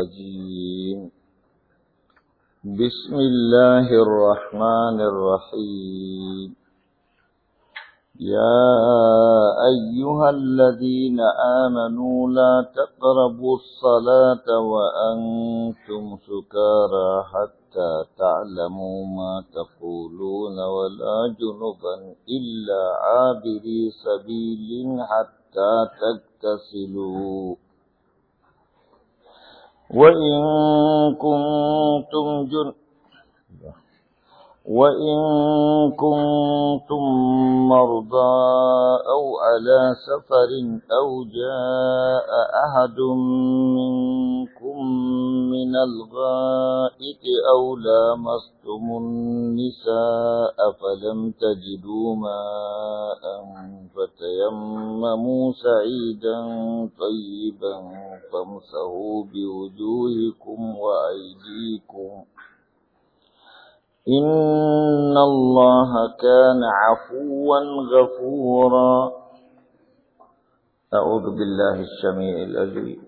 الرجيم بسم الله الرحمن الرحيم يا أيها الذين آمنوا لا تقربوا الصلاة وأنتم سكارى حتى تعلموا ما تقولون ولا جنبا إلا عابري سبيل حتى تغتسلوا وإن كنتم جن وإن كنتم مرضى أو على سفر أو جاء أحد من منكم من الغائط أو لامستم النساء فلم تجدوا ماء فتيمموا سعيدا طيبا فامسحوا بوجوهكم وأيديكم إن الله كان عفوا غفورا أعوذ بالله السميع العليم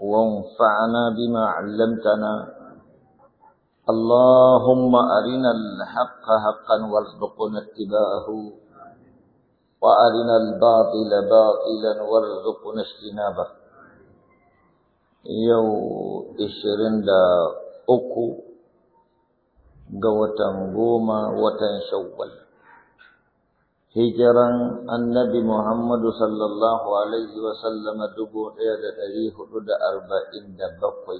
وانفعنا بما علمتنا اللهم أرنا الحق حقا وارزقنا اتباعه وأرنا الباطل باطلا وارزقنا اجتنابه يو إشرين دا أكو قوة غوما وتنشول hijiran annabi Muhammadu sallallahu alaihi wasallama dubu ɗaya da ɗari hudu da arba'in da bakwai.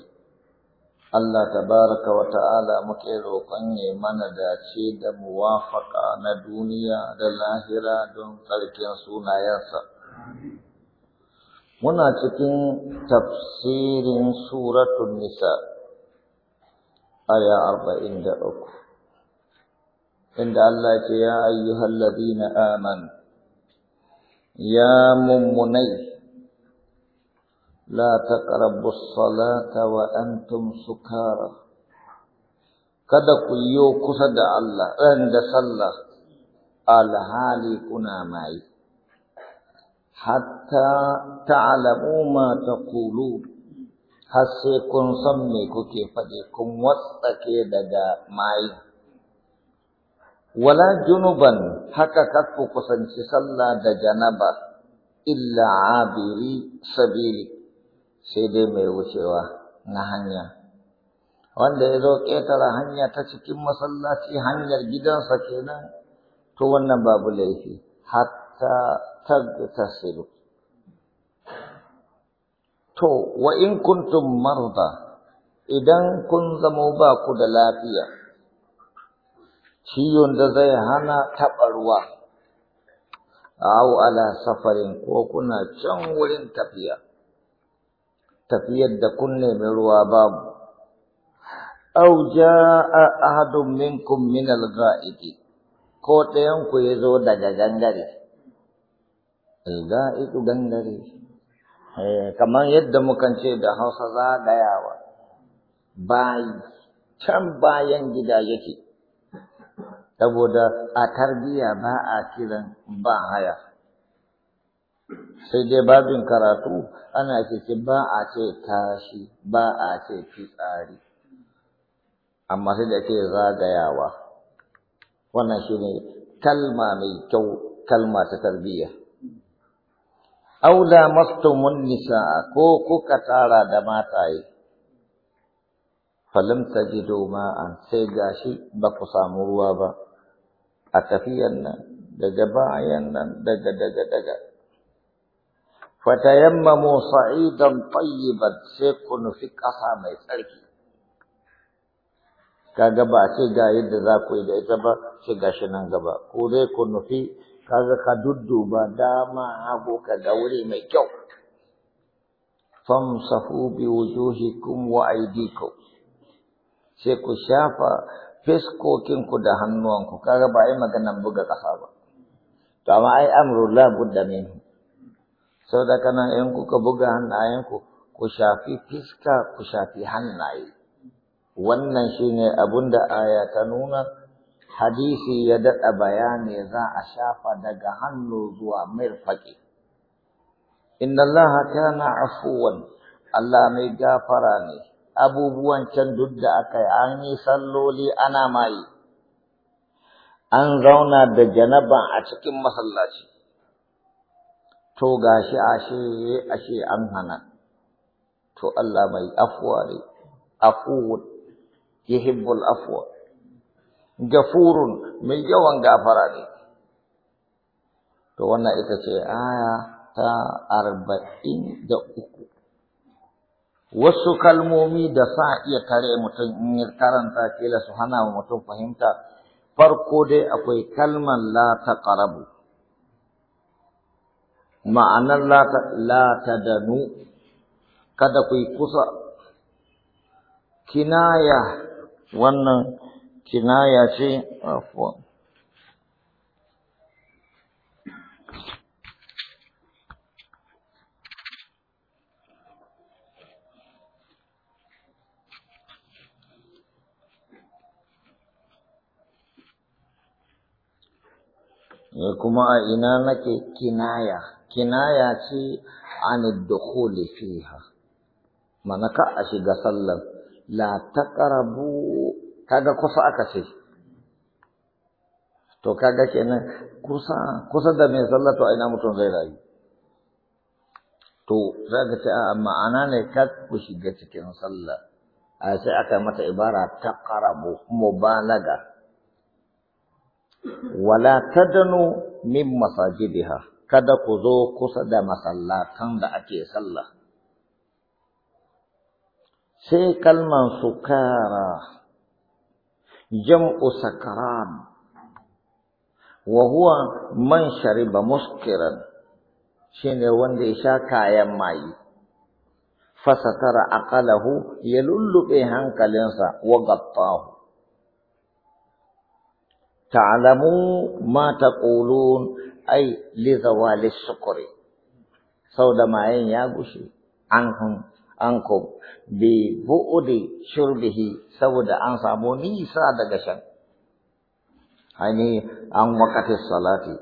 Allah tabaraka wa ta'ala muke roƙon ya mana dace da muwafaƙa na duniya da lahira don tsarkin sunayensa. Muna cikin tafsirin suratun nisa aya arba'in da uku. inda Allah ce ya ayyuhal ladina amanu ya mummunai la taqrabu salata wa antum sukara kada ku yi kusa da Allah ran da sallah alhali kuna mai hatta ta'lamu ma taqulu har sai kun san me kuke faɗi kun watsake daga mai wala junuban haka ku kusanci sallah da janaba illa abiri sabili sai dai mai wucewa na hanya wanda ya zo ƙetare hanya ta cikin masallaci hanyar gidansa kenan to wannan babu laifi hatta tagtasilu to wa in kuntum marda idan kun zamo ba ku da lafiya ciwon da zai hana taɓa ruwa aw ala safarin ko kuna can wurin tafiya tafiyar da kun nemi ruwa babu ja a ahadun minkum min ga'idi ko ɗayan ku zo daga gangare ga'idu gangare eh, kamar yadda mukan ce da Hausa za zagayawa bayi can bayan gida yake saboda a tarbiya ba a kiran ba haya sai dai babin karatu ana ce ba a ce tashi ba a ce fitsari amma sai da ke zagayawa wannan shi ne kalma mai kyau kalma ta tarbiyya aula mastumun nisa'a ko kuka tara da mataye ji doma ma'an sai gashi ba ku samu ruwa ba a tafiyan nan daga bayan nan daga daga daga fatayammamu sa'idan tayyiban sai ku nufi ƙasa mai tsarki kaga ba ce ga yadda za ku yi da ita ba sai shi nan gaba ko dai ku nufi kaga ka dudduba dama hagu ka ga wuri mai kyau famsahu bi wujuhikum wa aydikum sai ku shafa fiskokinku da hannuwanku kaga ba ai maganan buga ƙasa ba to amma ai amru la budda Sau da kana in kuka buga hannayenku ku shafi fiska ku shafi hannaye wannan shine abunda aya ta nuna hadisi ya daɗa bayani za a shafa daga hannu zuwa mirfaƙi inna allaha kana afuwan Allah mai gafara ne abubuwan can duk da aka yi an yi salloli ana mayi an zauna da janaba a cikin masallaci to gashi ashe ashe an hana to Allah mai afuwa ne afuwun yihibbul afwa gafurun mai yawan gafara ne to wannan ita ce aya ta arba'in da uku wasu kalmomi da sa iya tare mutum in ya karanta kila su hana wa mutum fahimta farko dai akwai kalmar la ta ƙarabu ma'anar la ta danu kada ku yi kusa kinaya wannan kinaya ce afuwa كما إنانك كناية كناية عن الدخول فيها ما نكأش قصلا لا تقربوا كاغا كسا أكسي تو كاغا كنا كسا كسا دمي صلى تو أين أمتون تو كاغا أما أنا نكاك كشي جاتي كنا صلى أسي أكا مت عبارة تقربوا مبالغة wala tadanu min masajidiha kada ku zo kusa da masallatan da ake sallah sai kalman sukara jam'u sakaran wa huwa man shariba muskiran shine wanda ya sha kayan mayi fasatara aqalahu ya lullube hankalinsa wa gattahu ta'lamu ma taqulun ai li zawali shukri sauda mayen ya gushi, an an ko bi bu'udi shurbihi saboda an samu nisa daga shan ani an wakati salati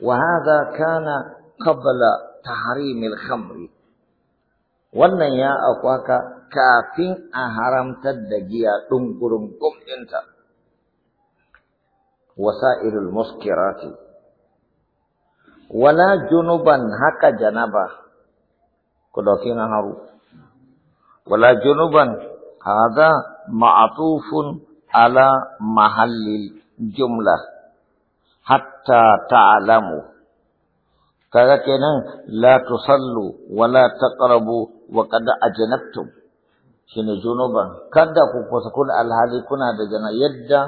wa hadha kana qabla tahrimil khamri wannan ya akwaka kafin a haramtar da giya gurin gumbinta وسائر المسكرات ولا جنبا هكا جنبا كدوكين هارو ولا جنبا هذا معطوف على محل الجملة حتى تعلموا كذا لا تصلوا ولا تقربوا وقد أجنبتم شنو جنوبا كذا ku kusa kuna كنا دجنا يدا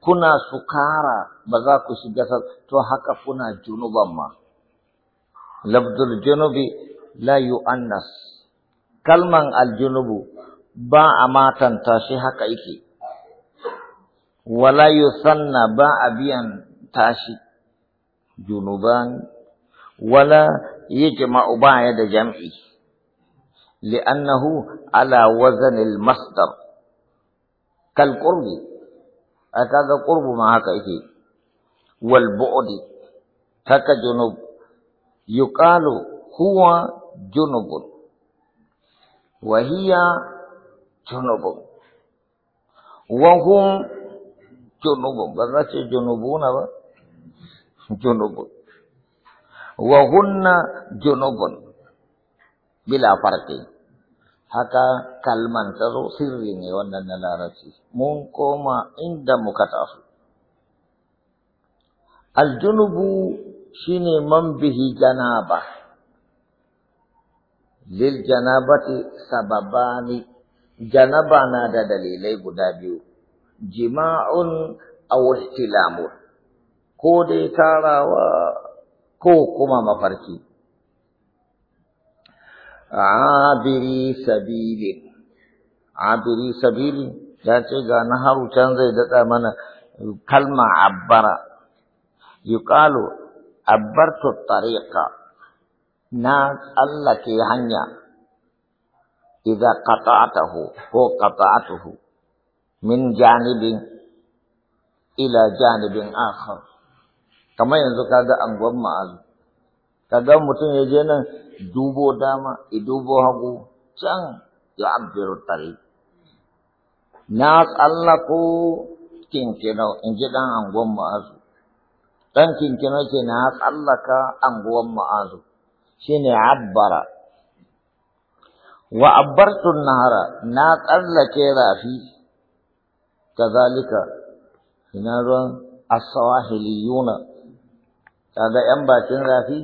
kuna sukara ba za ku shiga to haka kuna junuban ma lafzul junubi la yu'annas kalman al aljunubu ba a matanta shi haka yake wala yusanna ba a biyan tashi junuban wala yajma'u ba ya da jam'i لأنه على وزن المصدر كالقرب a kaga ƙurbu ma haka yake wal bu'di haka junub yuqalu huwa junubun wa hiya junubun wa hum junubun ba za ce junubuna ba junubun wa hunna junubun bila farqi haka kalman ta zo sirri ne wannan na larabci mun koma inda muka tafi aljunubu shine man bihi janaba lil janabati sababani janaba na da dalilai guda biyu jima'un aw ihtilamu ko dai tarawa ko kuma mafarki abiri sabili abiri sabili ya ce ga naharu can zai daɗa mana kalma abbara abar abbartu tariqa na tsallake hanya idza qata'tahu ko qata'tuhu min janibin ila janibin akhar kamar yanzu kaga anguwan ma'azu kaga mutum ya je nan dubo dama i dubo hagu can ya abdiru tari na tsallako kinkinau in ji ɗan anguwan ma'azu ɗan kinkinau ce na tsallaka anguwan ma'azu shine abbara wa abbartun nahara na tsallake rafi kazalika ina ruwan as-sawahiliyuna kaga yan bakin rafi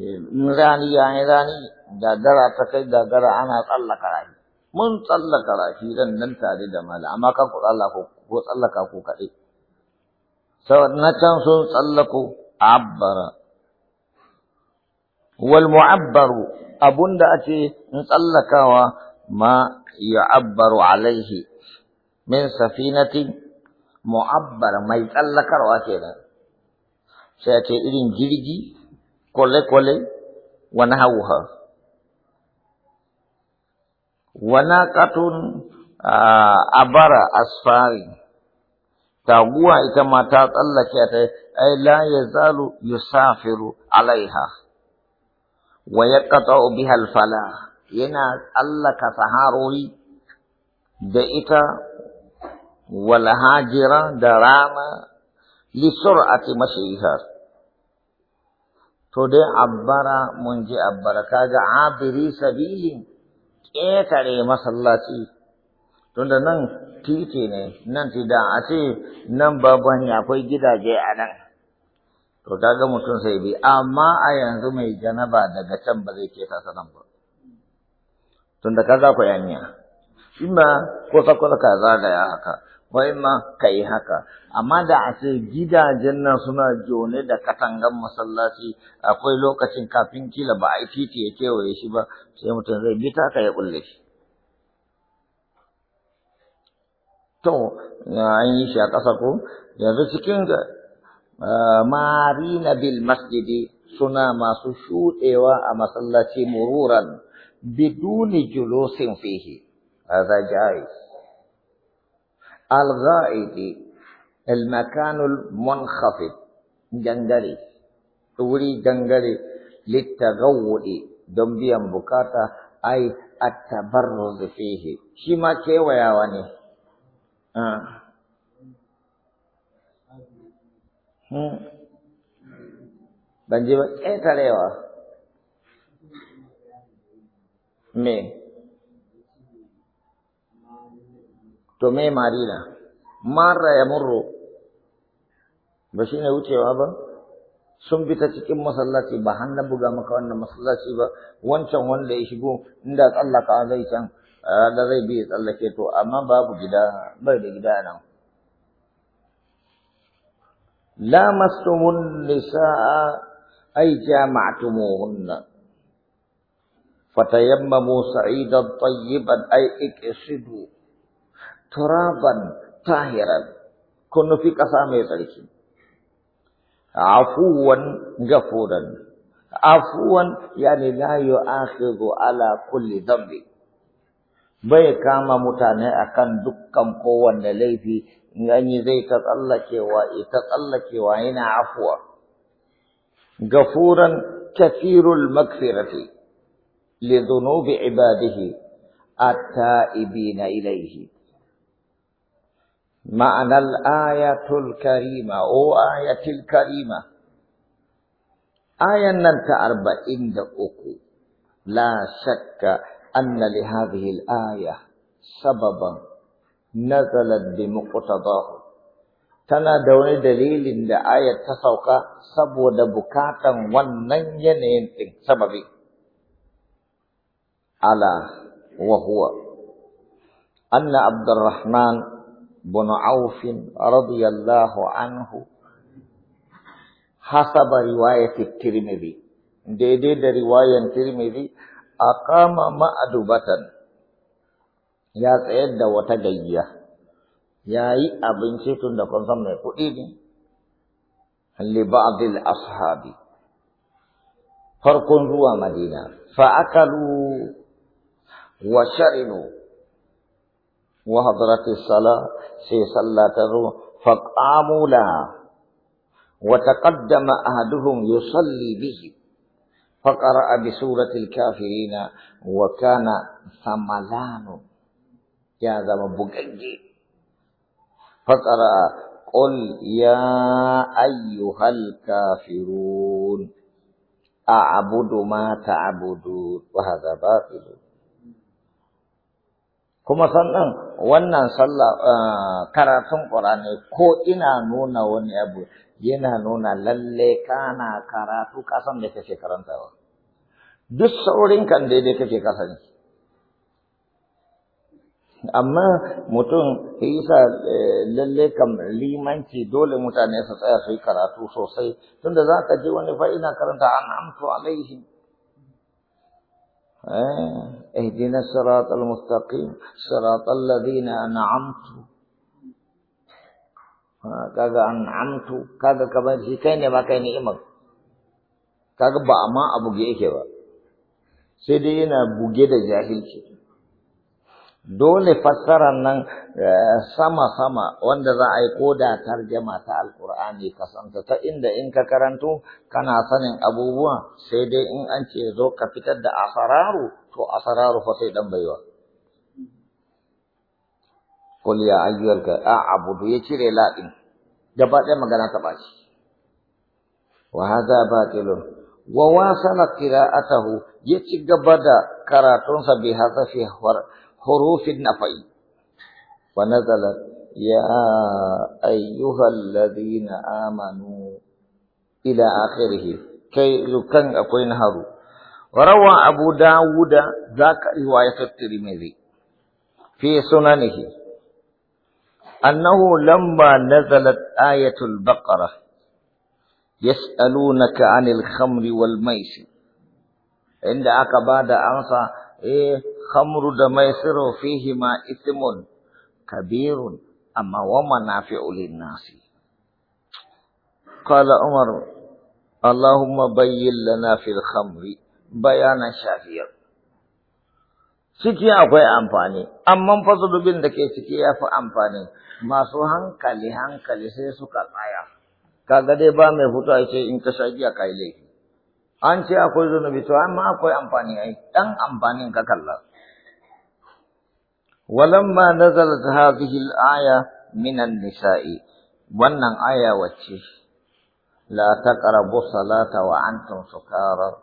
in rani ya yi rani gagara ta kai gagara ana tsallaka rafi mun tsallaka rafi zan nan tare da mala amma kan ku tsallaka ko tsallaka ko kaɗai sau na can sun tsallako abbara wal mu'abbaru abunda ake tsallakawa ma ya abbaru alaihi min safinati mu'abbar mai tsallakarwa kenan sai ce irin jirgi kwale-kwale wa nahawuha wa naqatun abara asfari taguwa ita ma ta tsallake ta ai la yazalu yusafiru alaiha wa yaqta'u biha al-falah yana tsallaka saharori da ita wal hajira da rama li sur'ati mashiha to dai abbara mun ji abbara kaga abiri sabili ƙetare masallaci tunda nan titi ne nan tida a ce nan babu akwai gidaje a nan to kaga mutum sai bi amma a yanzu mai janaba daga can ba zai keta sanan ba tunda kaza ku yaniya shi ma kusa kusa ka zagaya haka wai ma ka yi haka amma da a ce gidajen nan suna jone da katangan masallaci akwai lokacin kafin kila ba a yi titi ya kewaye shi ba sai mutum zai bi ta ka ya kulle shi to an yi shi a ƙasa ko yanzu cikin eh, marina bil masjidi suna masu shuɗewa a masallaci mururan biduni julusin fihi hadha الغائط المكان المنخفض جنجلي توري جنجلي للتغول دمبيا بكاتا أي التبرز فيه شما كي وياواني آه. بنجيب ايه تليوا مين to me marina mara ya murro ba shine wucewa ba sun bi ta cikin masallaci ba har buga maka wannan masallaci ba wancan wanda ya shigo inda tsallaka zai can da zai bi tsallake to amma babu gida bai da gida nan masumun nisaa ay jama'tumuhunna fatayammamu sa'idan tayyiban ay iqsidu turaban tahiran kun fi ƙasa mai tsarki afuwan gafuran afuwan yani la yu'akhidhu ala kulli dhanbi bai kama mutane akan dukkan kowanne laifi in an yi zai ta tsallakewa ita tsallakewa yana afuwa gafuran kathirul magfirati li dhunubi ibadihi at-ta'ibina ilayhi معنى الآية الكريمة أو آية الكريمة آية ننت أربعين دقوقو لا شك أن لهذه الآية سببا نزلت بمقتضاه تنا دون دليل إن آية تسوق سبو دبكاتا وننينين سببي على وهو أن عبد الرحمن bunu aufin radiyallahu anhu hasaba riwayati tirmidhi daidai da riwayan tirmidhi aqama ma'dubatan ya tsayar da wata gayya yayi abinci tun da kun san mai kuɗi ne li ba'dil ashabi farkon zuwa madina fa akalu wa sharibu وحضرت الصلاة سي صلى ترو فقاموا لها وتقدم أحدهم يصلي به فقرأ بسورة الكافرين وكان ثملان يا ذا بقجي فقرأ قل يا أيها الكافرون أعبد ما تعبدون وهذا باطل kuma sannan wannan sallah eh, karatun ƙur'ani ko ina nuna wani abu yana nuna lalle kana karatu ka san da kake karantawa duk saurin kan daidai kake kasance amma mutum isa eh, lalle kam limanci dole mutane su tsaya su yi karatu sosai tunda za ka je wani fa'ina karanta an amsu alaihim اهدنا الصراط المستقيم صراط الذين أنعمت kaga an'amtu kaga kamar shi kai ne ma kai ni'imar kaga ba amma a buge yake ba sai dai yana buge da jahilci dole fassarar nan eh, sama-sama wanda za a yi koda tarjama ta alkur'ani kasanta ta inda in ka karanto kana sanin abubuwa sai dai in an ce zo ka fitar da asararu to asararu fa sai dan baiwa qul ya ayyuhal ka a'budu ya cire ladin gaba ɗaya magana ta baci wa hadha batilun wa wasala qira'atahu ya ci gaba da karatunsa bi hadafi حروف النفي ونزلت يا أيها الذين آمنوا إلى آخره كي يكن أقوين هذا وروى أبو داود ذاك رواية الترمذي في سننه أنه لما نزلت آية البقرة يسألونك عن الخمر والميسر عند أكباد أنصى eh khamru da maisiru ma ismun kabirun amma wa manafi'u lin-nasi qala umar allahumma bayyin lana fil khamri bayanan shafiyar ciki akwai amfani amma fasudubin da ke ciki ya fi amfani masu hankali hankali sai suka tsaya kaga dai ba mai fito ce in ka shagiya kai laifi an ce akwai zunubi to amma akwai amfani ai dan amfanin ka kalla walamma nazalat hadhihi al-aya minan nisa'i wannan aya wacce la taqrabu salata wa antum sukara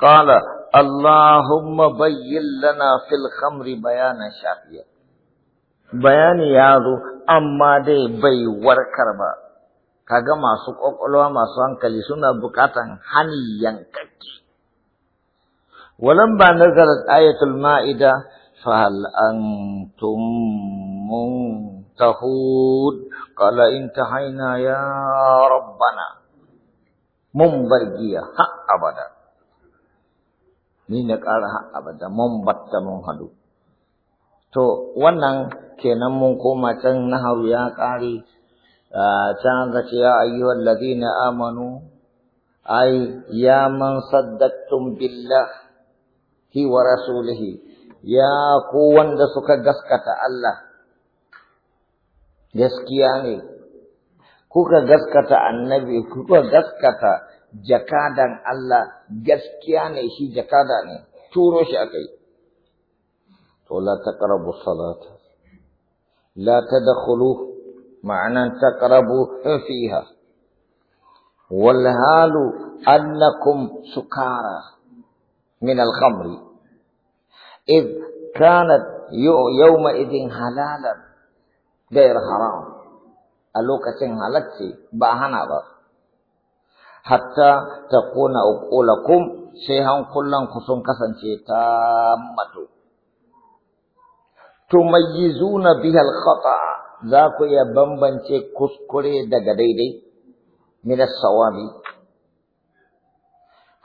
qala allahumma bayyin lana fil khamri bayanan shafiya bayani ya zo amma dai bai warkar ba kaga masu ƙwaƙwalwa masu hankali suna buƙatan hani yan kake. Walamba nazar ayatul ma’ida, fahal an tummun tahud, ƙala in ta haina ya rabbana, mun bar giya har abada, ni na ƙara har abada, mun batta mun hadu. To, wannan kenan mun koma can naharu ya ƙare. can ce ya ayyuhal ladina amanu ai ya man saddaqtum billah hi wa rasulihi ya ku wanda suka gaskata Allah gaskiya ne kuka gaskata annabi kuka gaskata jakadan Allah gaskiya ne shi jakada ne turo shi akai to la taqrabu salata la tadkhulu معنى تقرب فيها والهال أنكم سكارى من الخمر إذ كانت يومئذ حلالا غير حرام ألوكة هلكتي باهنا حتى تكون أقولكم شيئا كلا كسن كسن تامة تميزون بها الخطأ za ku iya bambance kuskure daga daidai min sawabi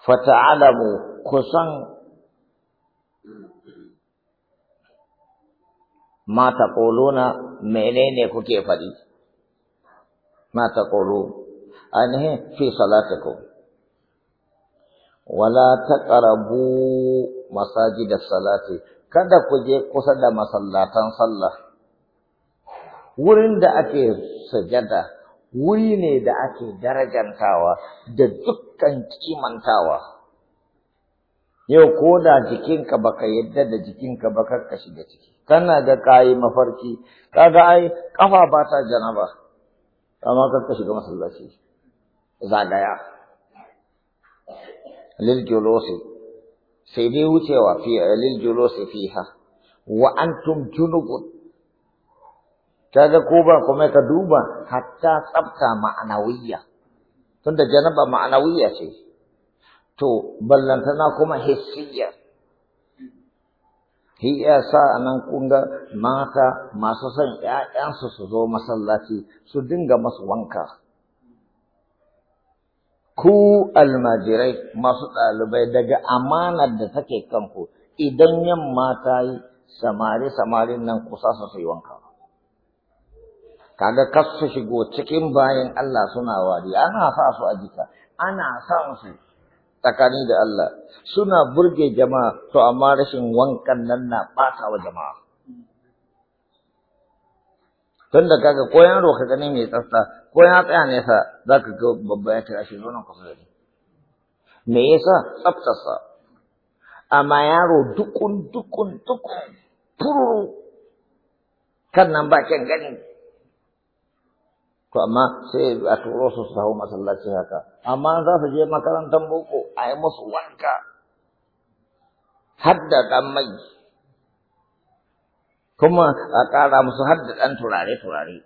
fata'alamu kusan ma taquluna menene kuke faɗi ma taqulu ainihin fi salatiku wala taqrabu masajid as-salati kada ku je kusa da masallatan sallah wurin da ake sujada wuri ne da ake darajantawa da dukkan kimantawa yau ko da jikinka ba ka yadda da jikinka ba ka shiga ciki kana da kayi mafarki kaga ai kafa ba ta janaba amma ka shiga masallaci zagaya lil julusi sai dai wucewa fi lil julusi fiha wa antum junubun kaga ko ba kuma ka duba hatta tsafta ma'anawiyya tunda janaba ma'anawiyya ce to ballantana kuma hissiyya shi sa nan kun mata masu son 'ya'yansu su zo masallaci su dinga masu wanka ku almajirai masu ɗalibai daga amanar da take kanku idan yamma ta yi samari samarin nan kusa su yi wanka kaga kas su shigo cikin bayan Allah suna wari ana sa su a jika ana sa su tsakani da Allah suna burge jama'a to amma rashin wankan nan na ɓata wa jama'a tunda kaga ko yaro ka gani mai tsafta ko ya tsaya sa zaka ga babba ya kira shi nan kusa me yasa sa amma yaro dukun dukun dukun furu kan nan ba gani to amma sai a turo su su hau masallaci haka amma za su je makarantar boko a yi musu wanka hadda ɗan mai kuma a ƙara musu hadda ɗan turare-turare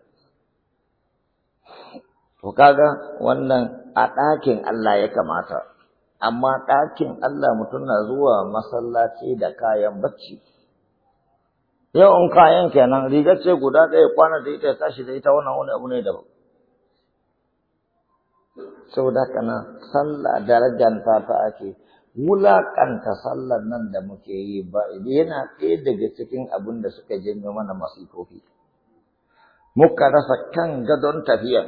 to kaga wannan a ɗakin Allah ya kamata amma ɗakin Allah mutum na zuwa masallaci da kayan bacci yau kayan kenan rigar ce guda ɗaya kwana da ita ya tashi da ita wannan wani abu ne daban Sau da kana sallah darajanta ta ake wulaƙanta sallar nan da muke yi ba yana ɗaya daga cikin abin da suka janyo mana masifofi muka rasa kan gadon tafiya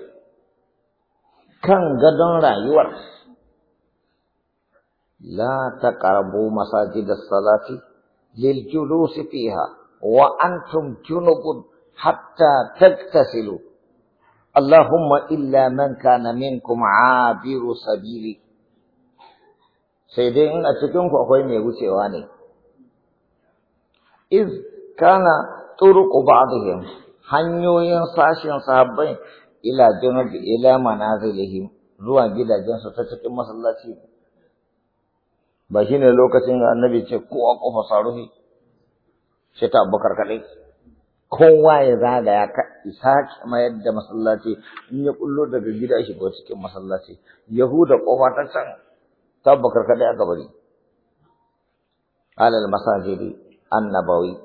kan gadon rayuwar la taqrabu masajid as-salati lil julusi fiha wa antum junubun hatta taktasilu Allahumma illa man kana minkum abiru sabili sai dai in a cikin akwai mai wucewa ne iz kana turuqu ba'dihim hanyoyin sashin sahabbai ila junub ila manazilihim zuwa gidajensu ta cikin masallaci ba ne lokacin da annabi ce ko a kofa saruhi sai ta abubakar kaɗai kowa ya zada ya isa mayar da masallaci in ya kullo daga gida shi ba cikin masallaci yahuda kofa ta can tabbakar kada aka bari alal masajidi annabawi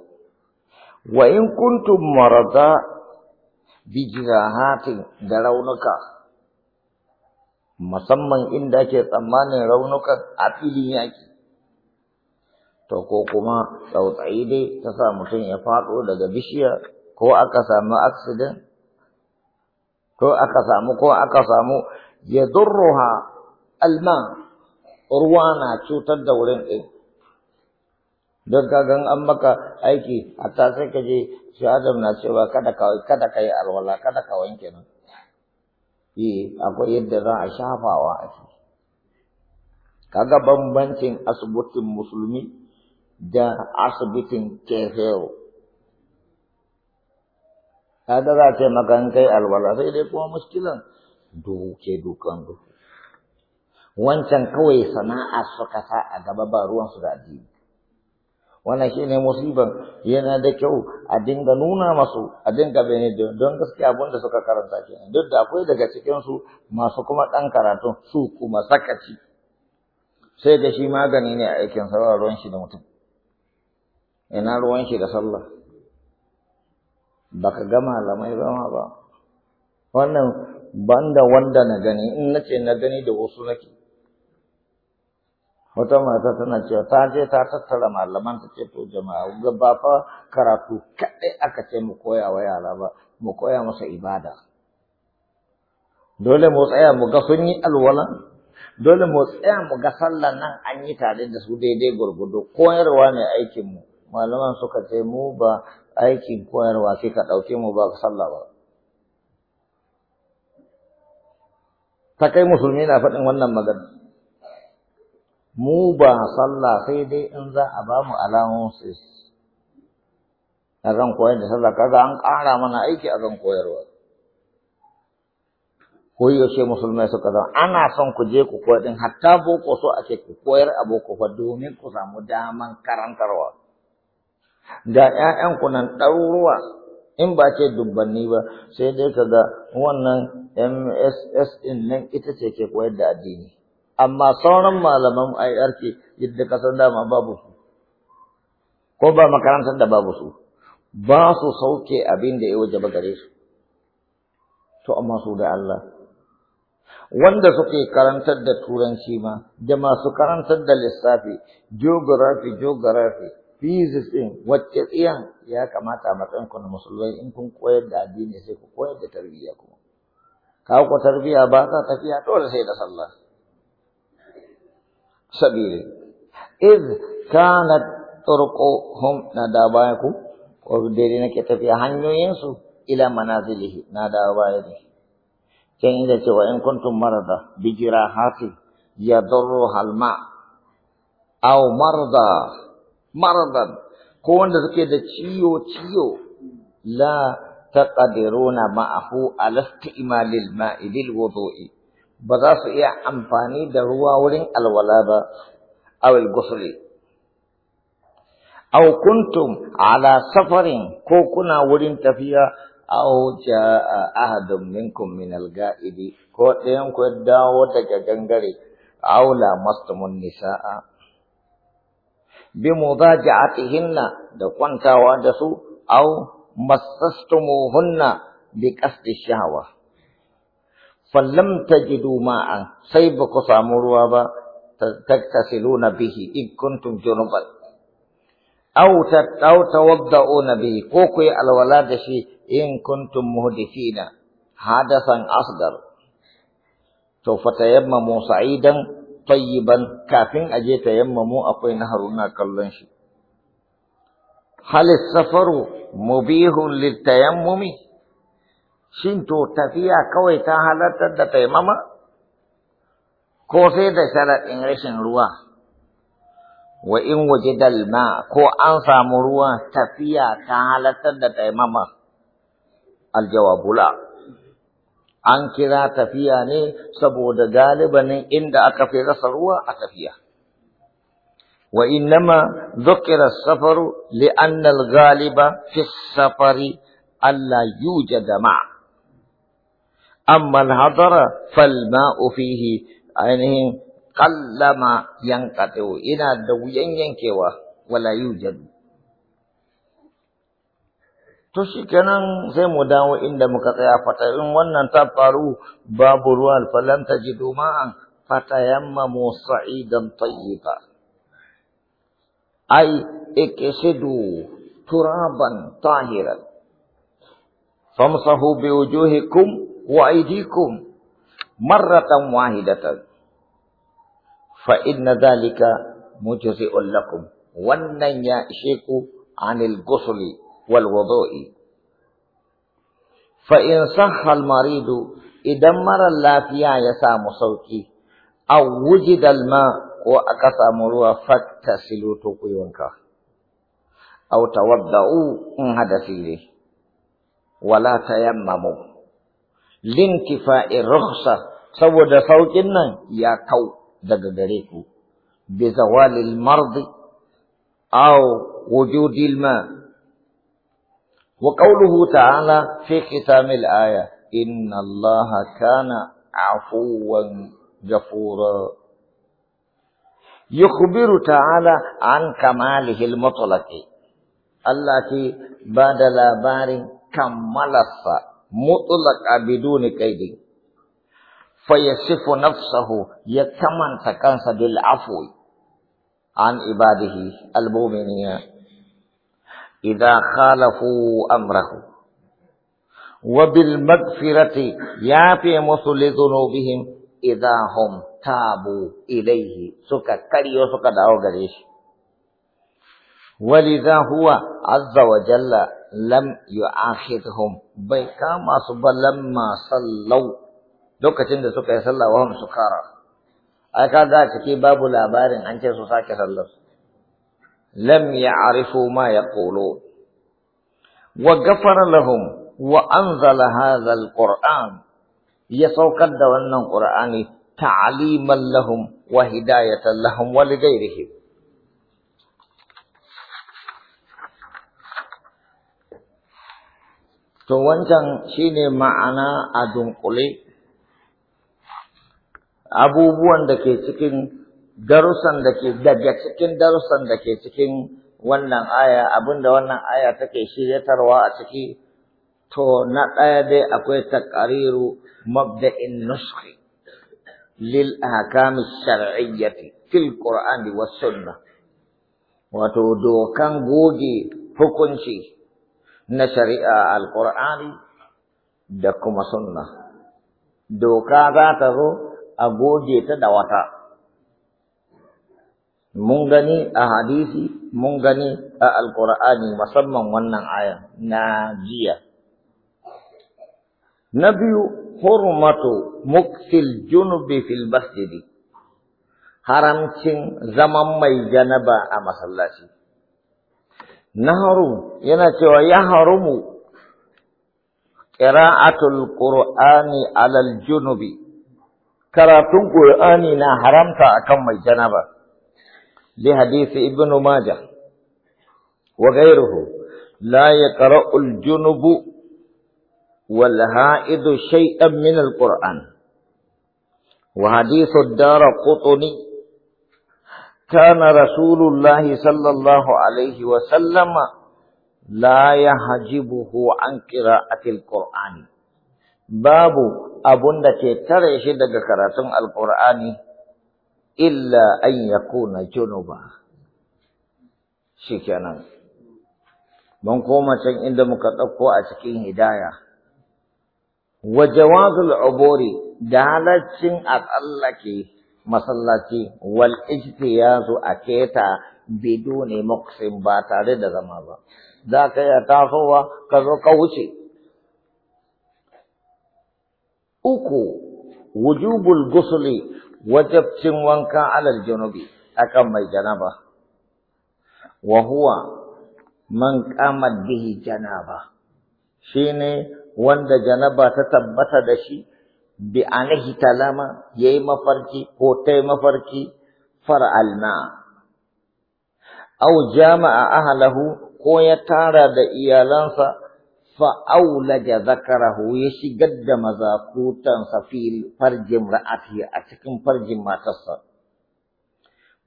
wa in kuntum marada bi jirahatin da raunuka musamman inda ke tsammanin raunukan a filin yaki to ko kuma tsautsayi dai ta sa mutum ya faɗo daga bishiya ko aka samu accident ko aka samu ko aka samu ya durruha alma ruwa na cutar da wurin ɗin don kagan an maka aiki A ta sai ka je shi adam na cewa kada ka kada ka yi alwala kada ka wanke nan yi akwai yadda za a shafawa a ciki kaga bambancin asibitin musulmi da asibitin kefewo kaga za ta makan kai alwala sai dai kuma muskilan duke dukan duhu wancan kawai sana'a suka sa a gaba ba ruwan su da addini wannan ne musiban yana da kyau a dinga nuna masu a dinga bene don gaskiya abin da suka karanta kenan duk da akwai daga cikinsu masu kuma ɗan karatu su kuma sakaci sai da shi magani ne a aikin sa ruwan shi da mutum ina ruwan shi da sallah baka ga malamai ba ma ba wannan banda wanda na gani in nace na gani da wasu nake wata mata tana cewa ta je ta tattara malaman ta ce to jama'a ga ba fa karatu kaɗai aka ce mu koya wa yara ba mu koya masa ibada dole mu tsaya mu ga sun yi alwala dole mu tsaya mu ga sallan nan an yi tare da su daidai gurgudu koyarwa ne aikin mu malaman suka ce mu ba aikin koyarwa sai ka ɗauke mu ba sallah ba ta kai musulmi na faɗin wannan magana mu ba sallah sai dai in za a ba mu allowances akan koyar da sallah kaga an ƙara mana aiki a akan koyarwa ko yaushe musulmai suka zama ana son ku je ku koyar din hatta boko so ake ku koyar a boko fa domin ku samu daman karantarwa Da ƴaƴan ku nan ɗaruruwa in ba ce dubbanni ba sai dai ka ga wannan MSS din nan ita ce ke koyar da addini amma sauran malaman IRC yadda ka dama babu su ko ba makarantar da babu su ba su sauke abin da ya wajaba gare su to amma su da Allah wanda suke karantar da turanci ma da masu karantar da lissafi geography geography thesis ɗin wacce tsiyan ya kamata a matsayin kuna na in kun koyar da addini sai ku koyar da tarbiyya kuma ka ku tarbiyya ba ta tafiya dole sai da sallah sabili iz kanat hum na da baya ku ko daidai nake tafiya hanyoyinsu ila manazilihi na da baya ne can inda cewa in kuntum marada bijira hati yadurru halma aw marada maradan ko wanda suke da ciwo ciwo la taqdiruna ma'ahu ala isti'malil ma'i ma'idil wudu'i ba za su iya amfani da ruwa wurin alwala ba aw al ghusli aw kuntum ala safarin ko kuna wurin tafiya aw jaa ahadun minkum min al ga'idi ko ɗayan ku dawo daga gangare aw la mastumun nisa'a bi mudaja'atihinna da kwantawa da su aw massastumuhunna bi qasdi shahwa falam tajidu ma'an sai ba ku samu ruwa ba taktasiluna bihi in kuntum junuban aw taw bihi ko ku alwala da shi in kuntum muhdithina hadasan asgar to fatayamma musa'idan tayyiban kafin a je tayammamu akwai na Haruna kallon shi hal safaru mubihun litayammumi shin to tafiya kawai ta halartar da taimama ko sai da sharaɗin rashin ruwa wa in wajidal ma ko an samu ruwa tafiya ta halartar da taimama aljawabula an kira tafiya ne saboda galibanin inda aka fi rasa ruwa a tafiya. Wa innama zukira safaru al galiba fi safari alla yuja ma Amma al-hadara fal ma'u fihi ainihin kallama yankatiwu ina da wuyan yankewa wala yujadu. To shi kenan sai mu dawo inda muka tsaya fata in wannan ta faru babu ruwa falan an fata yamma fatayammamu sa'idan tayyiba. Ai ikisidu turaban tahiran. Famsahu wujuhikum wa aydikum marratan wahidatan. Fa inna dhalika mujzi'un lakum. Wannan ya ishe anil ghusli والوضوء فإن صح المريض إذا مر اللافيا يسام صوتي أو وجد الماء وأكثى مروا فاكتسلوا تقويونك أو توضأوا من هدسيه ولا تيمموا لانتفاء الرخصة سود صوتنا يا كو دقدريكو بزوال المرض أو وجود الماء وقوله تعالى في ختام الآية إن الله كان عفوا غفورا يخبر تعالى عن كماله المطلق التي بدل بار كملص مطلق بدون كيد فيصف نفسه يكمن تكنس بالعفو عن عباده المؤمنين idza khalafu amrahu wa bil magfirati yafi musulizunu bihim idza hum tabu ilaihi suka kariyo suka dawo gare shi walidha huwa azza wa jalla lam yu'akhidhum bai kama su ba lamma sallau lokacin da suka yi sallah wa hum ai ka ga cikin babu labarin an su sake sallar lam ya'rifu ma yaqulun wa ghafara lahum wa anzala hadzal qur'an da wannan qur'ani ta'liman lahum wa hidayatan lahum wa lighairihim to wancan shine ma'ana adun kuli abubuwan da ke cikin darussan da ke daga cikin darussan da ke cikin wannan aya abinda wannan aya take shiryatarwa a ciki to na ɗaya dai akwai taqariru mabda'in nuskhi lil ahkam shar'iyyati fil qur'ani was sunnah wato dokan goge hukunci na shari'a alqur'ani da kuma sunna doka za ta zo a goge ta da wata mun gani a hadisi mun gani a alqur'ani musamman wannan aya na jiya na biyu hurmatu muksil junubi fil masjidi haramcin zaman mai janaba a masallaci naharu yana cewa ya harumu qira'atul qur'ani alal junubi karatun qur'ani na haramta akan mai janaba لحديث ابن ماجه وغيره لا يقرأ الجنب والهائد شيئا من القرآن وحديث الدار قطني كان رسول الله صلى الله عليه وسلم لا يحجبه عن قراءة القرآن باب أبن تترشد قراءة القرآن illa an yakuna junuba shikenan mun koma can inda muka ɗauko a cikin hidaya wa jawazul ubori da halaccin a tsallake masallaci wal ijtiyazu a keta biduni muqsim ba tare da zama ba za ka iya tasowa ka zo ka wuce uku wujubul gusuli wajabcin wanka alal junubi akan mai janaba wa huwa man qamat bihi janaba shine wanda janaba ta tabbata da shi bi anahi talama yayi mafarki ko tai mafarki far Au aw jama'a ahlahu ko ya tara da iyalansa فأولج ذكره يشجد مزاقوتا في فرج امرأته أتكم فرج ما تصر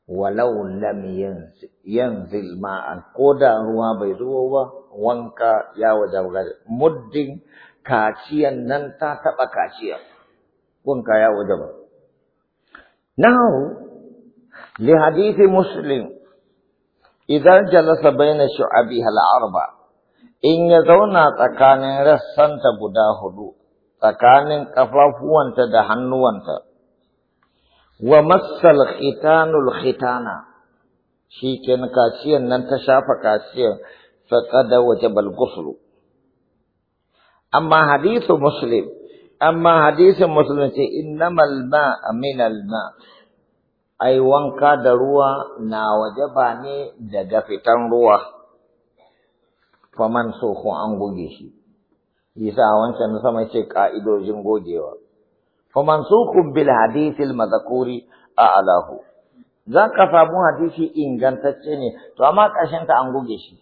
ولو لم ينزل, ينزل ماء قودا روا بيزوه وانكا يا وجبغل مد كاشيا ننتا تبا كاشيا وانكا يا وجبغل نعم لحديث مسلم إذا جلس بين شعبها الأربع in ya zauna tsakanin rassanta guda hudu tsakanin ƙafafuwanta da hannuwanta wa matsal khitanul khitana shi kenan kaciyan nan ta shafa kaciyan da waje balguslu amma hadisu muslim amma hadisin muslim ce innamal malma minal ma' ai wanka da ruwa na waje ba ne daga fitan ruwa faman so ko an goge shi yasa wancan sama ce ka'idojin gogewa faman so bil hadithil mazakuri a alahu za ka samu hadisi ingantacce ne to amma kashin ta an goge shi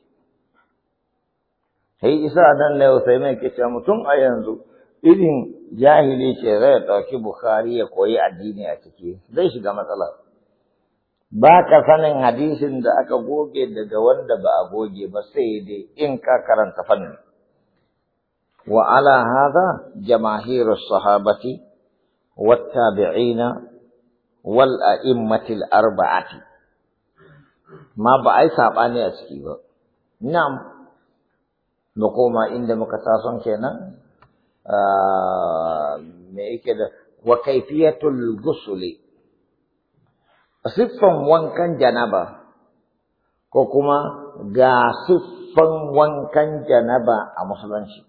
sai isa dan ne sai mai ke mutum a yanzu irin jahili ce zai ɗauki bukhari ya koyi addini a ciki zai shiga matsalar. ba ka sanin hadisin da aka goge daga wanda ba a goge ba sai dai in ka karanta fannin. Wa ala hadha jamahirus sahabati wat tabi'ina wal a'immatil arba'ati. Ma ba ai sabani a ciki ba. Na'am. Mu koma inda muka son kenan. Ah, me yake da wa kaifiyatul gusuli siffan wankan janaba ko kuma ga siffan wankan janaba a musulunci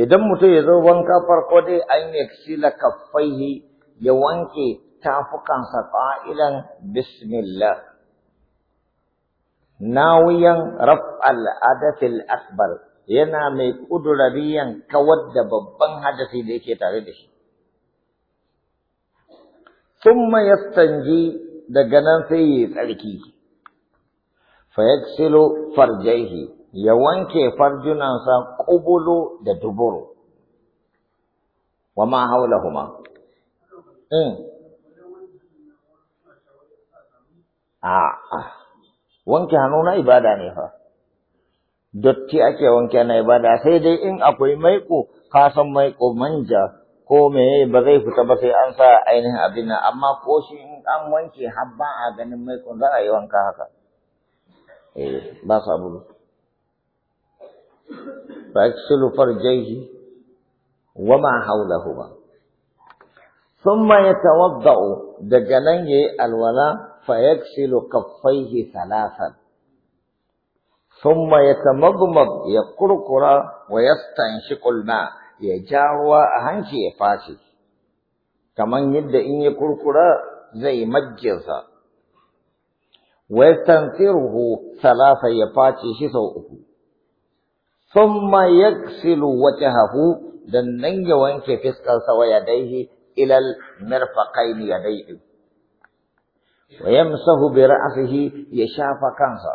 idan mutum ya zo wanka farko dai an yi sila kaffaihi ya wanke tafukansa ƙa'ilan bismillah nawiyan raf'al adatil akbar yana mai ƙudurariyan kawar da babban hadasi da yake tare da shi summa yastanji daga nan sai yi tsarki fayaksilu farjaihi ya wanke farjunansa kubulo da duburu wa ma haulahuma a wanke hannu na ibada ne fa, dotti ake wanke na ibada sai dai in akwai maiko, kasan maiko manja ko meye ba zai fita ba sai an sa ainihin abin nan amma ko shi in an wanke har ba a ganin mai kun za a yi wanka haka eh ba sabulu fa yaksulu farjaihi wa ma ba thumma yatawadda'u daga nan yayi alwala fa yaksilu kaffaihi thalathan kurkura wa ya yastanshiqul ma' ya ja ruwa a hanci ya fashe kaman yadda in ya kurkura zai majjinsa wa yastansiruhu salasa ya face shi sau uku thumma yaksilu wajhahu dan nan ya wanke fiskarsa wa yadaihi ilal ya yadaihi wa yamsahu bi ra'sihi ya shafa kansa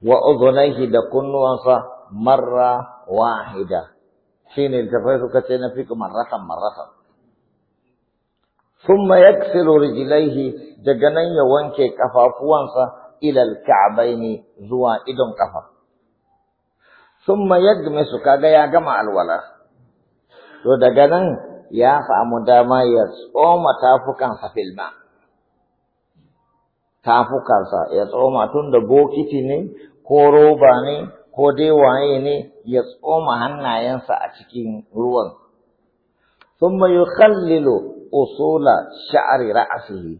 wa udhunayhi da kunnuwansa marra wahida shi ne tafai suka ce na fi marratan marratan ثم يكسر daga nan ya wanke kafafuwansa ila alka'baini zuwa idon kafa thumma yagmisu kaga ya gama alwala to daga nan ya samu dama ya tsoma tafukansa filma ya tsoma tun da bokiti ne ko roba ne ko dai waye ne ya tsoma hannayensa a cikin ruwan Sun thumma yukhallilu usula sha'ri ra'sihi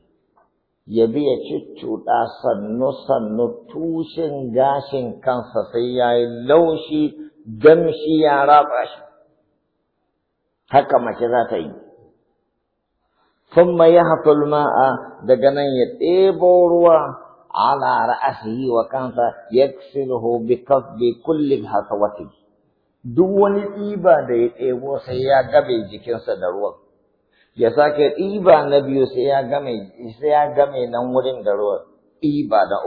ya bi ya cuccuɗa sannu sannu tushen gashin kansa sai ya yi laushi gamshi ya raba shi haka mace za ta yi thumma yahful ma'a daga nan ya ɗebo ruwa على رأسه وكان يكسله بكسب كل هسوة دون إيبا ديت إيبو سيا قبل جكين سدروا يساك إيبا نبي سيا قمي سيا قمي نمورين دروا إيبا دا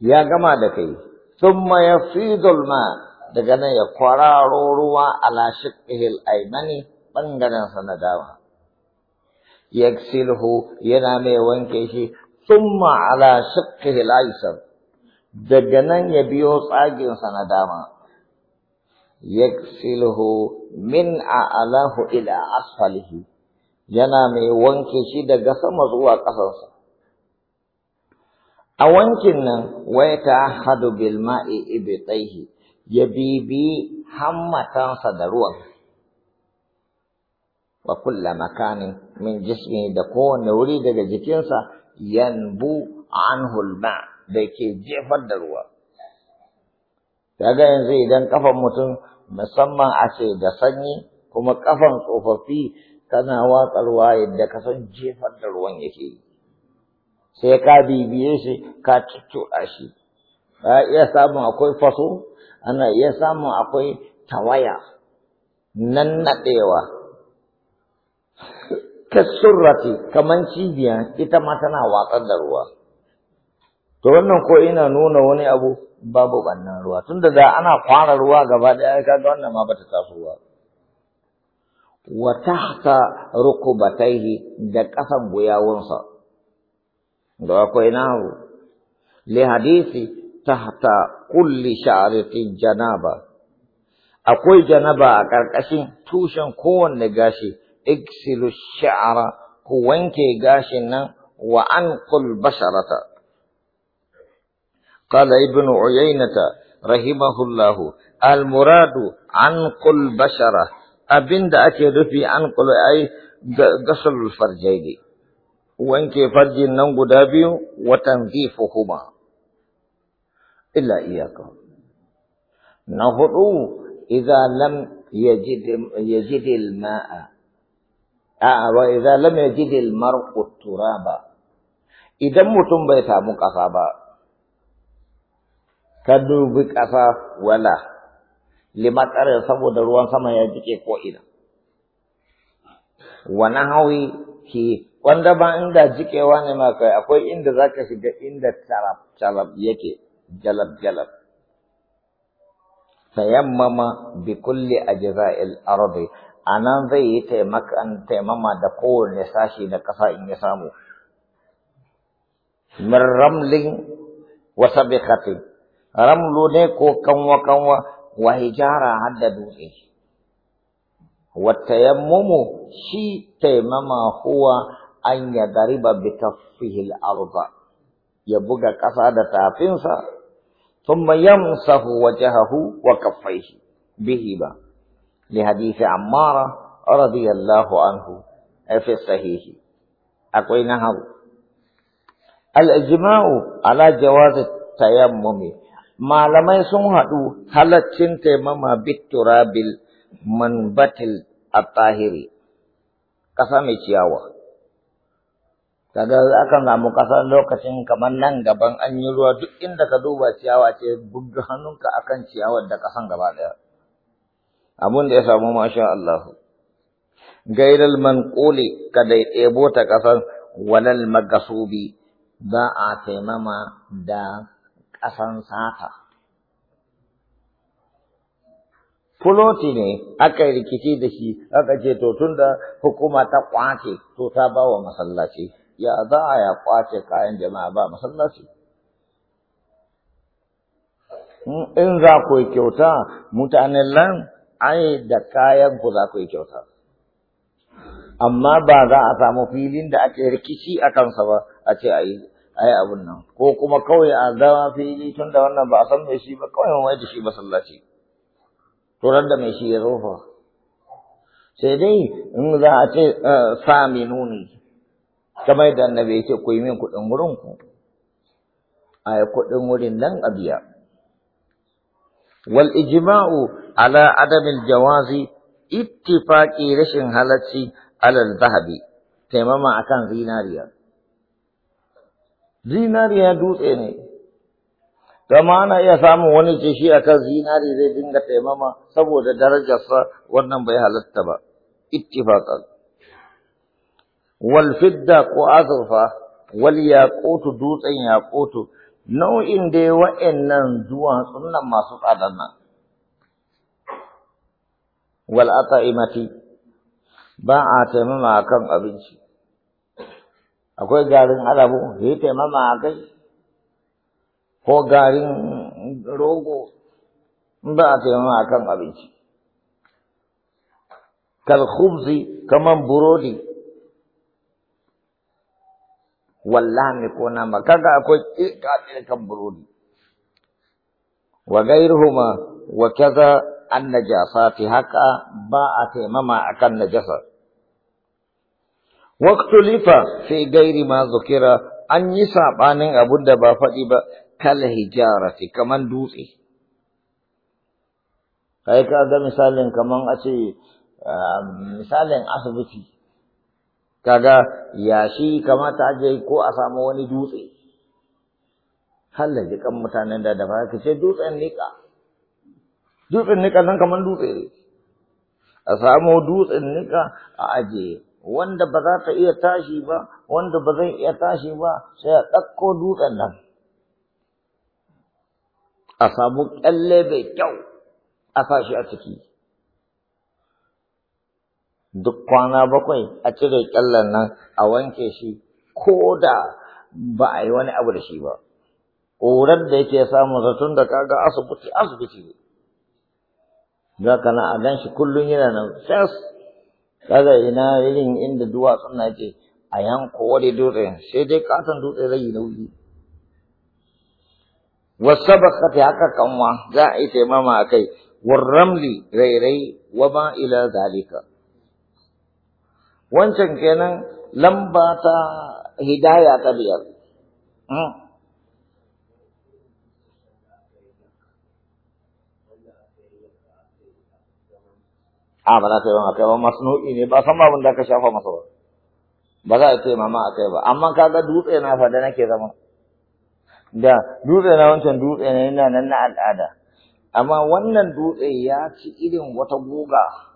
يا قما دكي ثم يفيد الماء دقنا دغنا روا على شقه الأيمني بنغنا سنداوها yaksilhu yana mai wanke shi tsumma ala shakka hilaisar daga nan ya biyo tsaginsa na dama yaksilhu min a'lahu ila asfalihi yana mai wanke shi daga sama zuwa ƙasarsa a wankin nan wai ta hadu bilma'i ibi ya bibi hammatansa da ruwan wa kulla makanin min jismi da kowane wuri daga jikinsa yanbu anhu alma da ke jefar da ruwa daga yanzu idan kafan mutum musamman a ce da sanyi kuma kafan tsofaffi kana watsarwa yadda ka san jefar da ruwan yake sai ka bibiye shi ka a shi a iya samun akwai faso ana iya samun akwai tawaya nan naɗewa kasurrati kaman cibiya ita ma tana watsar da ruwa to wannan ko ina nuna wani abu babu bannan ruwa tunda da ana fara ruwa gaba daya kaga wannan ma bata taso ba wa tahta rukubataihi da kasan guyawunsa da akwai hu li hadisi tahta kulli sha'ratin janaba akwai janaba a karkashin tushen kowanne gashi ix sha'ara ku wanke gashin nan wa an kulma sharar da kala idan u cunan yanayin almuradu an kulma shara abinda ake rufi an kulma ai da gasar farajar farjin nan guda biyu watan hifohuma illa iya kawo na hudu idan ya ji a'a wa idza lam yajid al mar'u turaba idan mutum bai samu ƙasa ba ka dubi ƙasa wala limatsar saboda ruwan sama ya jike ko ina wani hawi ki wanda ba inda jikewa ne ma kai akwai inda zaka shiga inda tarab tarab yake jalab jalab tayammama bi kulli ajza'il ardi a nan zai yi taimakan taimama da kowane sashi na ƙasa in ya samu min ramlin wa sabiqatin ramlu ne ko kanwa kanwa wa hijara hada dutse Wata yammumu shi taimama huwa an ya gariba bi kaffihi ya buga ƙasa da tafinsa thumma yamsahu wajhahu wa kafai bihi ba Ni hadisi amma radiyallahu anhu ya fi sahihi akwai na haru. Al'a jima'u ala jawar ta Malamai sun haɗu halartin taimama bitturabil manbatil Atahiri. Kasa mai ciyawa. Sadiya Ali akanga mu lokacin kamar nan gaban anyi ruwa duk inda ka duba ciyawa ce, gudu hannunka akan kan ciyawar da ka gaba ɗaya. abun da ya samu masha Allah gairal manquli kada ya ɗebo ta kasan walal magasubi ba a taimama da kasan sata Fuloti ne aka rikici da shi aka ce to tunda hukuma ta kwace to ta ba wa masallaci ya za a ya kwace kayan jama'a ba masallaci in za ku kyauta mutanen lan ai da kayan ku za ku yi kyauta amma ba za a samu filin da ake rikici a kansa ba a ce a yi a yi abin nan ko kuma kawai a zama fili tun da wannan ba a san mai shi ba kawai mai da shi masallaci turar da mai shi ya zofa sai dai in za a ce eh, sa nuni kamar da annabi ce ku yi min kuɗin wurin ku a kuɗin wurin nan a biya wal ijma'u ala adamil jawazi ittifaqi rashin halarci alal zahabi taimama akan zinariya zinariya dutse ne kama ana iya samun wani jishi akan zinari zai dinga taimama saboda darajarsa wannan bai halatta ba ittifaqan wal fidda ko azurfa wal yaqutu dutsen yaqutu nau'in da wa'annan duwatsun nan masu tsadan nan wal ata'imati ba a taimama akan abinci akwai garin arabu ya taimama a kai ko garin rogo ba a taimama akan abinci khubzi kaman burodi wallami ko nama kaga akwai kika kan burodi wa gairuhuma wa kaza an fi haka ba a taimama akan najasa lifa fi gairi ma zukira an yi saɓanin abun da ba faɗi ba kal fi kaman dutse kai ka ga misalin kaman a ce misalin asibiti kaga yashi kamata aje ko a samu wani dutse hallaji kan mutanen da da ba ka ce dutsen nika dutsen nika nan kaman dutse a samo dutsen nika a ajiye wanda ba za ta iya tashi ba wanda ba zai iya tashi ba sai a ɗauko dutsen nan a samu ƙyalle mai kyau a sashi a ciki duk kwana bakwai a cire ƙyallen nan a wanke shi ko da ba a yi wani abu da shi ba ƙorar da yake samun zaton da kaga asibiti asibiti za ka na a gan shi kullum yana nan sas kaga ina yin inda duwatsun na ke a yanko wani dutse sai dai katon dutse zai yi nauyi wasabakati haka kanwa za a yi taimama a kai warramli rairai wa ma ila zalika wancan kenan lamba ta hidaya ta biyar hmm? a ah, ba za ta yi ba masnu'i ne ba san babin da ka shafa masa ba ba za a ce mama a kai ba amma kaga dutse na fa da nake zama da dutse na wancan dutse ne yana nan na al'ada amma wannan dutse ya ci irin wata guga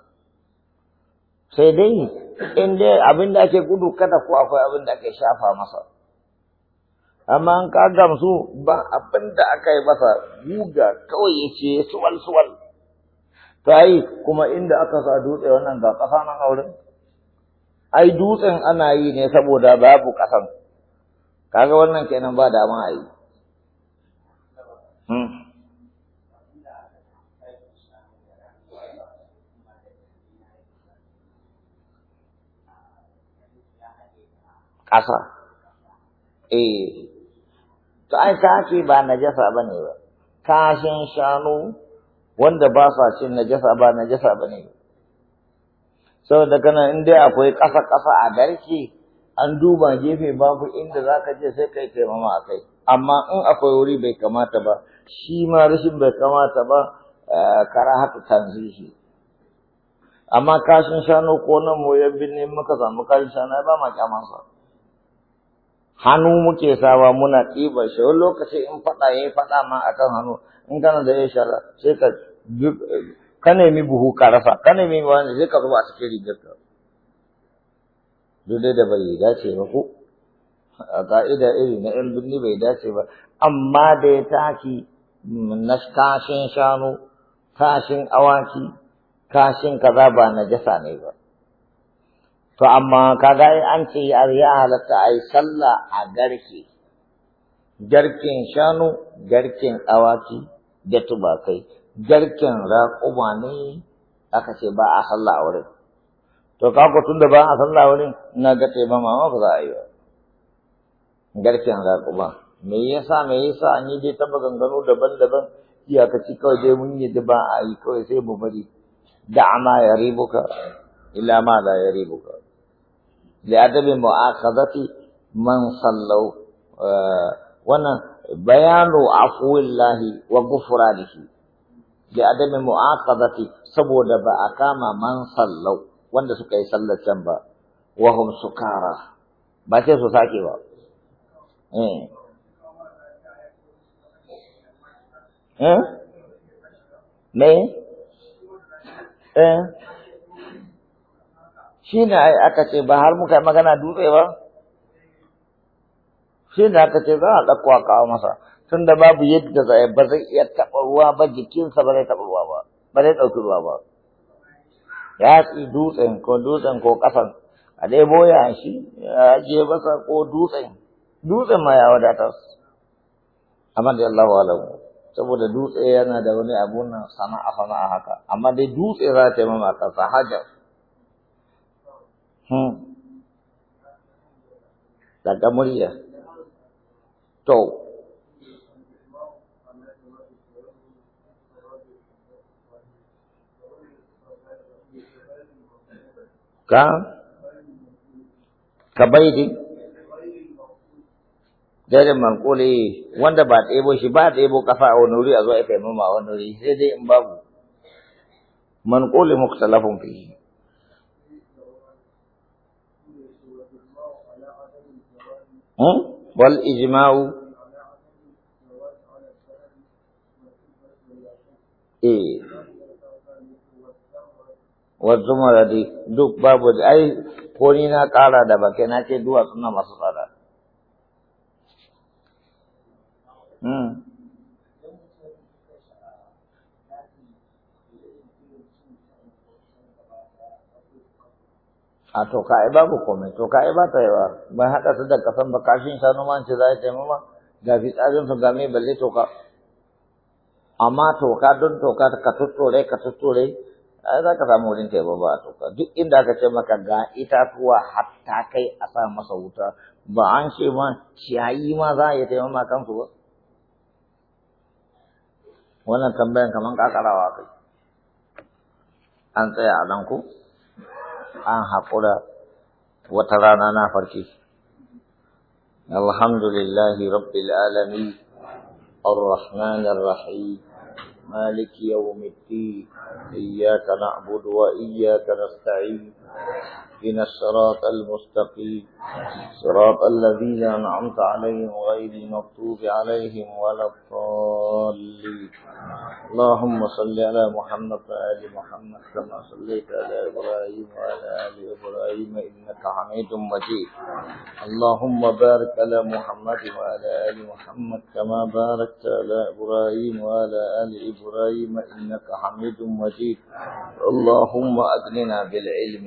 sai dai in dai abin da ake gudu kada ko akwai abin da ake shafa masa amma an ka gamsu ba abin da aka yi masa guga kawai ya ce suwal suwal to ai kuma inda aka sa dutse wannan ga ƙasa nan auren ai dutsen ana yi ne saboda babu ƙasan kaga wannan kenan ba dama a yi hmm. ƙasa eh to ai kaki ba na ba bane ba kashin shanu wanda ba sa cin najasa ba najasa ba ne saboda kana in dai akwai ƙasa ƙasa a garke an duba gefe babu inda za ka je sai kai taimama a kai amma in akwai wuri bai kamata ba shi ma rashin bai kamata ba eh, karahatu tanzihi amma kashin shanu ko nan mu birni muka samu kashin shanu ba ma kyamansa hannu muke sawa muna ɗiba shi wani lokaci in faɗa ya yi faɗa ma a kan hannu in kana da ya shara sai ka ka nemi buhu ka rasa ka nemi wani zai ka zuba a cikin rigarka duk dai da bai dace ba ko a ka'ida iri na yan birni bai dace ba amma da ya tashi na kashin shanu kashin awaki kashin kaza ba na jasa ne ba to amma kaga an ce a halatta a yi sallah a garke garken shanu garken awaki da tubakai garken raƙuma ne aka ce ba a sallah a wurin to ka tun da ba a sallah a wurin na ga ce ba ma ba za a yi ba garken raƙuma me yasa me yasa an yi dai ta maganganu daban-daban iyakaci kawai dai mun yi da ba a yi kawai sai mu bari da'a ma ya ribuka ila ma la ya ribuka a mu'akhadati man sallau eh, wannan bayanu afuwillahi wa gufranihi bi adami mu'aqadati saboda ba a kama man sallau wanda suka yi sallar can ba wa hum sukara ba sai su sake ba eh eh me eh shi ne aka ce ba har muka yi magana dutse ba shi ne aka ce za a ɗauko a kawo masa tunda babu yadda zai ba zai iya taɓa ruwa ba jikinsa ba zai taɓa ruwa ba ba zai ɗauki ruwa ba ya tsi dutsen ko dutsen ko ƙasan a dai boya shi ya je masa ko dutsen dutsen ma ya wadata amma da Allah alamu saboda dutse yana da wani abu na sana'a sana'a haka amma dai dutse za ta yi mamaka sa haja. Hmm. daga murya to ka ka baidi gairin mankuli wanda ba ɗebo shi ba ɗebo kafa a wani wuri a zo a taimama a wani wuri sai dai in babu mankuli muktalafin fihi hmm? wal ijma'u eh duk والزمردي دوك باب أي كونينا قارا دبا كناتي دوا سنة مصدر هم a to ka'i babu kome to ka'i ba ta yawa ba haɗa su da kasan ba kashin shanu ma ce za ta mama ga fitsarin su ga mai balle ka amma toka don toka ka tuttore ka tuttore A za ka samu wurin teba ba a duk inda aka ce maka ga itatuwa hatta kai a sa masa wuta ba an ce ma ciyayi ma za a iya taimama kansu ba wannan tambayan kamar kakarawa kai an tsaya a nan ku an haƙura wata rana na farki alhamdulillahi rabbil alamin الرحمن الرحيم مالك يوم الدين إياك نعبد وإياك نستعين إن الصراط المستقيم صراط الذين أنعمت عليهم غير المغضوب عليهم ولا الضالين الضالين اللهم صل على محمد وآل محمد كما صليت على إبراهيم وعلى آل إبراهيم إنك حميد مجيد اللهم بارك على محمد وعلى آل محمد كما باركت على إبراهيم وعلى آل إبراهيم إنك حميد مجيد اللهم أدننا بالعلم